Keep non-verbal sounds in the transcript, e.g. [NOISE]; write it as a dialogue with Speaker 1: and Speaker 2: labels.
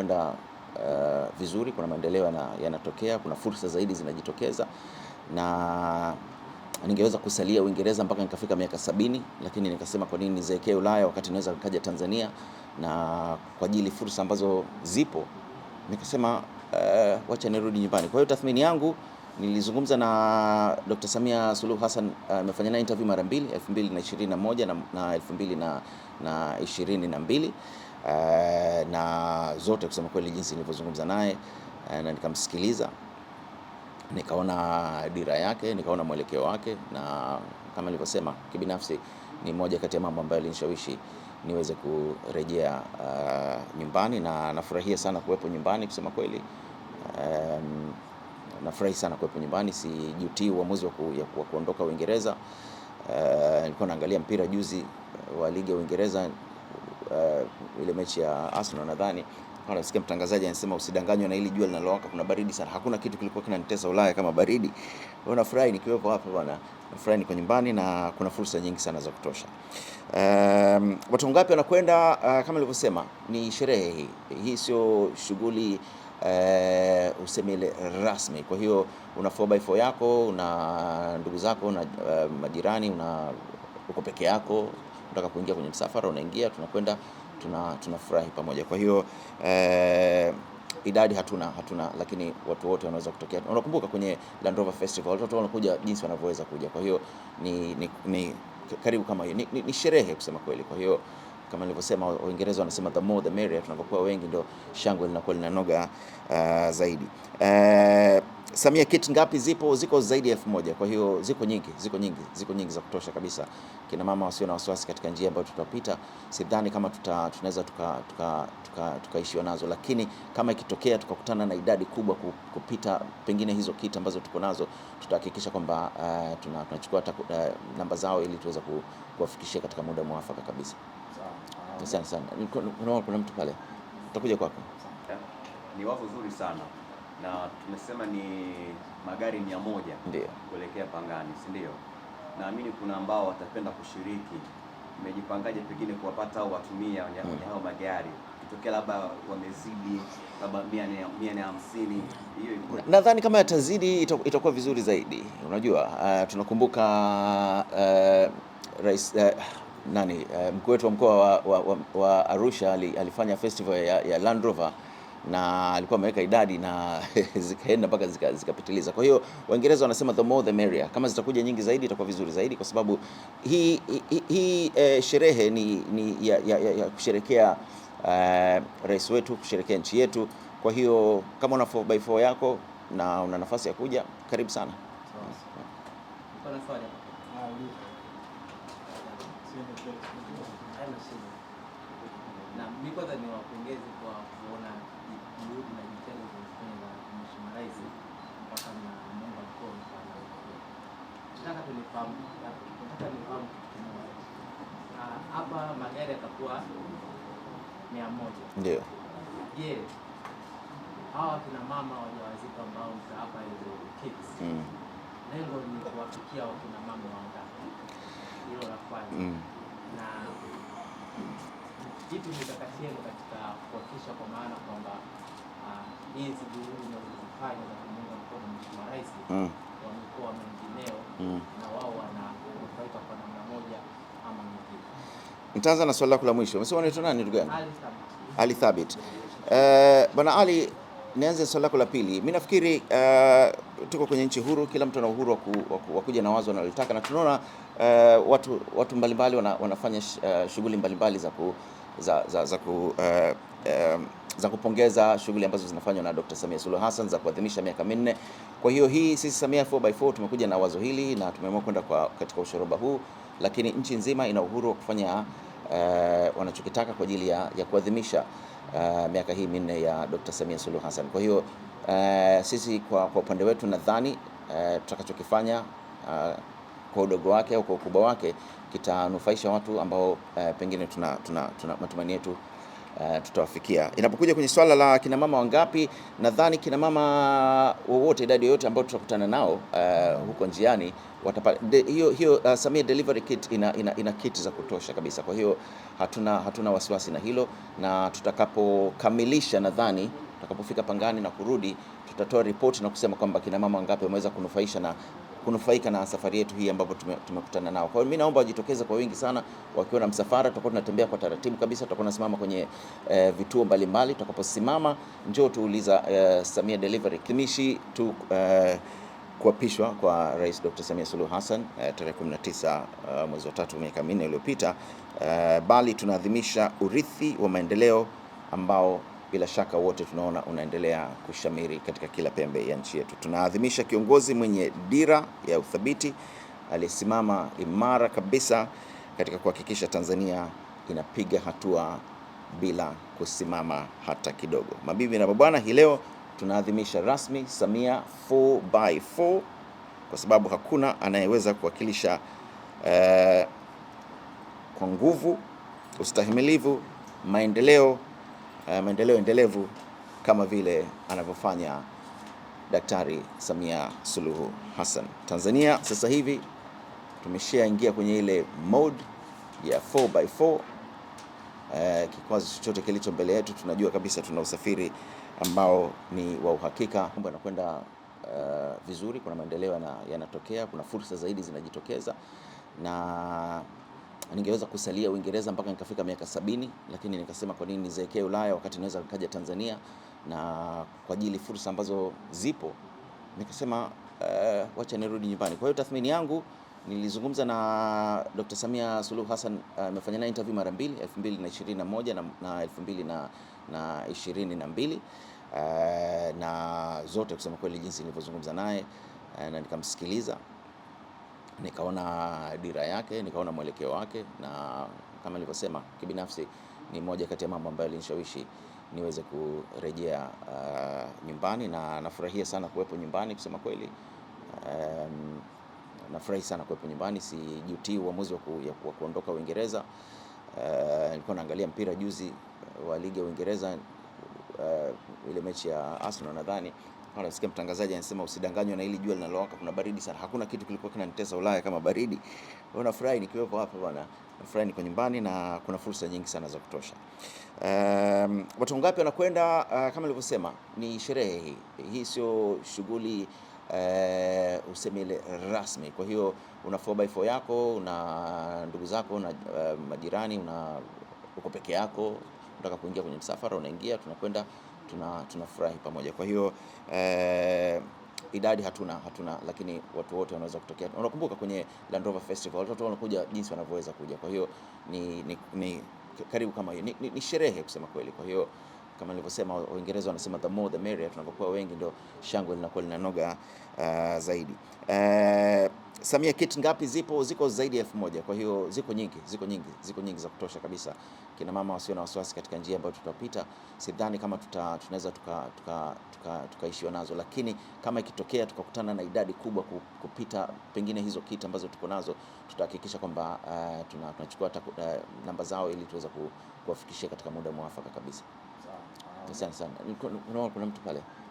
Speaker 1: inakwenda uh, eh, vizuri, kuna maendeleo yanatokea, kuna fursa zaidi zinajitokeza na ningeweza kusalia Uingereza mpaka nikafika miaka sabini, lakini nikasema kwa nini nizeekee Ulaya wakati naweza kaja Tanzania na kwa ajili fursa ambazo zipo nikasema uh, wacha nirudi nyumbani. Kwa hiyo tathmini yangu nilizungumza na Dr. Samia Suluhu Hassan eh, amefanya uh, naye interview mara mbili 2021 na 2022 na, na Eh, na zote kusema kweli, jinsi nilivyozungumza naye eh, na nikamsikiliza, nikaona dira yake, nikaona mwelekeo wake, na kama nilivyosema, kibinafsi ni moja kati ya mambo ambayo alinishawishi niweze kurejea uh, nyumbani, na nafurahia sana kuwepo nyumbani kusema kweli. Um, nafurahi sana kuwepo nyumbani, sijutii uamuzi wa, ku, wa kuondoka Uingereza. Uh, nilikuwa naangalia mpira juzi wa ligi ya Uingereza uh, ile mechi ya Arsenal nadhani nasikia mtangazaji anasema usidanganywe na hili jua linalowaka, kuna baridi sana. Hakuna kitu kilikuwa kinanitesa Ulaya kama baridi. Wewe nafurahi nikiwepo hapa bwana, nafurahi niko nyumbani na kuna fursa nyingi sana za kutosha. Um, watu ngapi wanakwenda? Uh, kama nilivyosema ni sherehe hii, hii sio shughuli uh, useme ile rasmi. Kwa hiyo una 4x4 yako, una ndugu zako, una uh, majirani, una uko peke yako utakapoingia kwenye msafara unaingia, tunakwenda tunafurahi tuna pamoja. Kwa hiyo eh, idadi hatuna hatuna, lakini watu wote wanaweza kutokea. Unakumbuka kwenye Land Rover Festival watu wanakuja jinsi wanavyoweza kuja, kwa hiyo ni, ni, ni karibu kama hiyo ni, ni, ni sherehe kusema kweli, kwa hiyo kama nilivyosema, Waingereza wanasema the more the merrier. Tunapokuwa wengi ndio shangwe linakuwa linanoga uh, zaidi uh, Samia kit ngapi zipo? Ziko zaidi ya elfu moja. Kwa hiyo ziko nyingi, ziko nyingi, ziko nyingi za kutosha kabisa. Kina mama wasio na wasiwasi katika njia ambayo tutapita, sidhani kama tuta, tunaweza tukaishiwa tuka, tuka, tuka nazo, lakini kama ikitokea tukakutana na idadi kubwa kupita pengine hizo kit ambazo tuko nazo, tutahakikisha kwamba uh, tunachukua tuna uh, namba zao ili tuweza kuwafikishia katika muda mwafaka kabisa. Asante sana. Kuna mtu pale, tutakuja kwako.
Speaker 2: Ni wavu zuri sana na tumesema ni magari mia moja ndio kuelekea Pangani, si ndio? Naamini kuna ambao watapenda kushiriki. Mmejipangaje pengine kuwapata au watumia wenye mm. hao magari kitokea labda wamezidi labda mia na hamsini, hiyo
Speaker 1: nadhani kama yatazidi itakuwa vizuri zaidi. Unajua uh, tunakumbuka uh, rais uh, nani eh, mkuu wetu wa mkoa wa, wa, wa Arusha alifanya festival ya, ya Land Rover na alikuwa ameweka idadi na [LAUGHS] zikaenda mpaka zikapitiliza zika. Kwa hiyo Waingereza wanasema the more the merrier. Kama zitakuja nyingi zaidi itakuwa vizuri zaidi, kwa sababu hii hi, hi, eh, sherehe ni, ni ya, ya, ya kusherekea eh, rais wetu, kusherekea nchi yetu. Kwa hiyo kama una 4 by 4 yako na una nafasi ya kuja, karibu sana
Speaker 2: na mi kwanza ni wapongezi kwa kuona juhudi na jitihada zilizofanywa na Mheshimiwa Rais mpaka mnaunga mkono. Nataka tunifahamu, nataka nifahamu kitu kimoja ah, hapa, magari yatakuwa mia moja. Ndio. Je, hawa kina mama wajawazito ambao mtawapa hizo kits, mm. lengo ni kuwafikia wakina mama wangapi? hilo la kwanza mm. na vipi mikakati yenu katika kuhakikisha kwa maana kwamba hizi uh, juhudi zinazofanya za kumuunga mkono Mheshimiwa Rais mm. wa mikoa mengineo mm. na wao wananufaika kwa namna moja ama nyingine?
Speaker 1: Nitaanza na swali lako la mwisho. Umesema unaitwa nani ndugu yangu? Ali Thabit. Eh, bwana Ali nianze swali lako la pili. Mimi nafikiri uh, tuko kwenye nchi huru, kila mtu ana uhuru wa waku, kuja na wazo analotaka, na tunaona uh, watu, watu mbalimbali wana, wanafanya uh, shughuli mbalimbali za, ku, za, za, za, ku, uh, um, za kupongeza shughuli ambazo zinafanywa na Dr. Samia Suluhu Hassan za kuadhimisha miaka minne. Kwa hiyo hii sisi Samia 4x4 tumekuja na wazo hili na tumeamua kwenda katika ushoroba huu, lakini nchi nzima ina uhuru wa kufanya Uh, wanachokitaka kwa ajili ya, ya kuadhimisha uh, miaka hii minne ya Dr. Samia Suluhu Hassan. Kwa hiyo uh, sisi kwa, kwa upande wetu nadhani uh, tutakachokifanya uh, kwa udogo wake au kwa ukubwa wake kitanufaisha watu ambao eh, pengine tuna, tuna, tuna matumaini yetu eh, tutawafikia. Inapokuja kwenye swala la kinamama wangapi, nadhani kinamama wowote, idadi yoyote ambayo tutakutana nao eh, huko njiani watapata hiyo hiyo. Uh, Samia Delivery Kit ina, ina, ina kit za kutosha kabisa, kwa hiyo hatuna, hatuna wasiwasi na hilo, na tutakapokamilisha nadhani tutakapofika Pangani na kurudi tutatoa ripoti na kusema kwamba kina mama wangapi wameweza kunufaisha na kunufaika na safari yetu hii ambapo tumekutana nao. Kwa hiyo mimi naomba wajitokeze kwa wingi sana, wakiwa na msafara, tutakuwa tunatembea kwa taratibu kabisa, tutakuwa tunasimama kwenye eh, vituo mbalimbali. Tutakaposimama njoo tuuliza eh, Samia Delivery kimishi tu eh, kuapishwa kwa Rais Dr. Samia Suluhu Hassan eh, tarehe 19 uh, eh, mwezi wa tatu miaka minne iliyopita eh, bali tunaadhimisha urithi wa maendeleo ambao bila shaka wote tunaona unaendelea kushamiri katika kila pembe ya nchi yetu. Tunaadhimisha kiongozi mwenye dira ya uthabiti aliyesimama imara kabisa katika kuhakikisha Tanzania inapiga hatua bila kusimama hata kidogo. Mabibi na mabwana, hii leo tunaadhimisha rasmi Samia 4x4 kwa sababu hakuna anayeweza kuwakilisha eh, kwa nguvu, ustahimilivu, maendeleo Eh, maendeleo endelevu kama vile anavyofanya Daktari Samia Suluhu Hassan. Tanzania sasa hivi tumeshaingia kwenye ile mode ya 4x4. Eh, kikwazo chochote kilicho mbele yetu tunajua kabisa tuna usafiri ambao ni wa uhakika, mambo yanakwenda uh, vizuri, kuna maendeleo yanatokea, kuna fursa zaidi zinajitokeza na ningeweza kusalia Uingereza mpaka nikafika miaka sabini, lakini nikasema kwa nini nizeekee Ulaya wakati naweza nikaja Tanzania na kwa ajili fursa ambazo zipo nikasema uh, wacha nirudi nyumbani. Kwa hiyo tathmini yangu nilizungumza na Dr. Samia Suluhu Hassan eh, amefanya uh, naye interview mara mbili 2021 na, na 2022 na, eh, na zote kusema kweli jinsi nilivyozungumza naye uh, na nikamsikiliza nikaona dira yake, nikaona mwelekeo wake, na kama nilivyosema, kibinafsi ni moja kati ya mambo ambayo alinishawishi niweze kurejea uh, nyumbani, na nafurahia sana kuwepo nyumbani kusema kweli. Um, nafurahi sana kuwepo nyumbani, sijutii uamuzi wa kuondoka Uingereza. Uh, nilikuwa naangalia mpira juzi wa ligi ya Uingereza, uh, ile mechi ya Arsenal nadhani Nasikia mtangazaji anasema usidanganywe na hili jua linalowaka, kuna baridi sana. Hakuna kitu kilikuwa kinanitesa Ulaya kama baridi. Wewe nafurahi nikiwepo hapa bwana, nafurahi niko nyumbani na kuna fursa nyingi sana za kutosha. Um, watu ngapi wanakwenda? Uh, kama nilivyosema ni sherehe hii, hii sio shughuli uh, eh, usemele rasmi. Kwa hiyo una 4x4 yako, una ndugu zako, una uh, majirani, una uko peke yako, unataka kuingia kwenye msafara, unaingia, tunakwenda tunafurahi tuna pamoja. Kwa hiyo eh, idadi hatuna hatuna, lakini watu wote wanaweza kutokea. Unakumbuka kwenye Land Rover Festival watu wanakuja jinsi wanavyoweza kuja, kwa hiyo ni, ni, ni karibu kama hiyo ni, ni, ni sherehe kusema kweli, kwa hiyo kama nilivyosema, Waingereza wanasema the more the merrier. Tunapokuwa wengi ndio shangwe linakuwa linanoga uh, zaidi uh, Samia kit ngapi zipo? Ziko zaidi ya elfu moja. Kwa hiyo ziko nyingi, ziko nyingi, ziko nyingi za kutosha kabisa. Kina mama wasio na wasiwasi katika njia ambayo tutapita, sidhani kama tuta, tunaweza tukaishiwa tuka, tuka, tuka nazo, lakini kama ikitokea tukakutana na idadi kubwa kupita pengine hizo kit ambazo tuko nazo, tutahakikisha kwamba uh, tunachukua tuna uh, namba zao ili tuweze kuwafikishia katika muda mwafaka kabisa. Asante sana. Kuna mtu pale.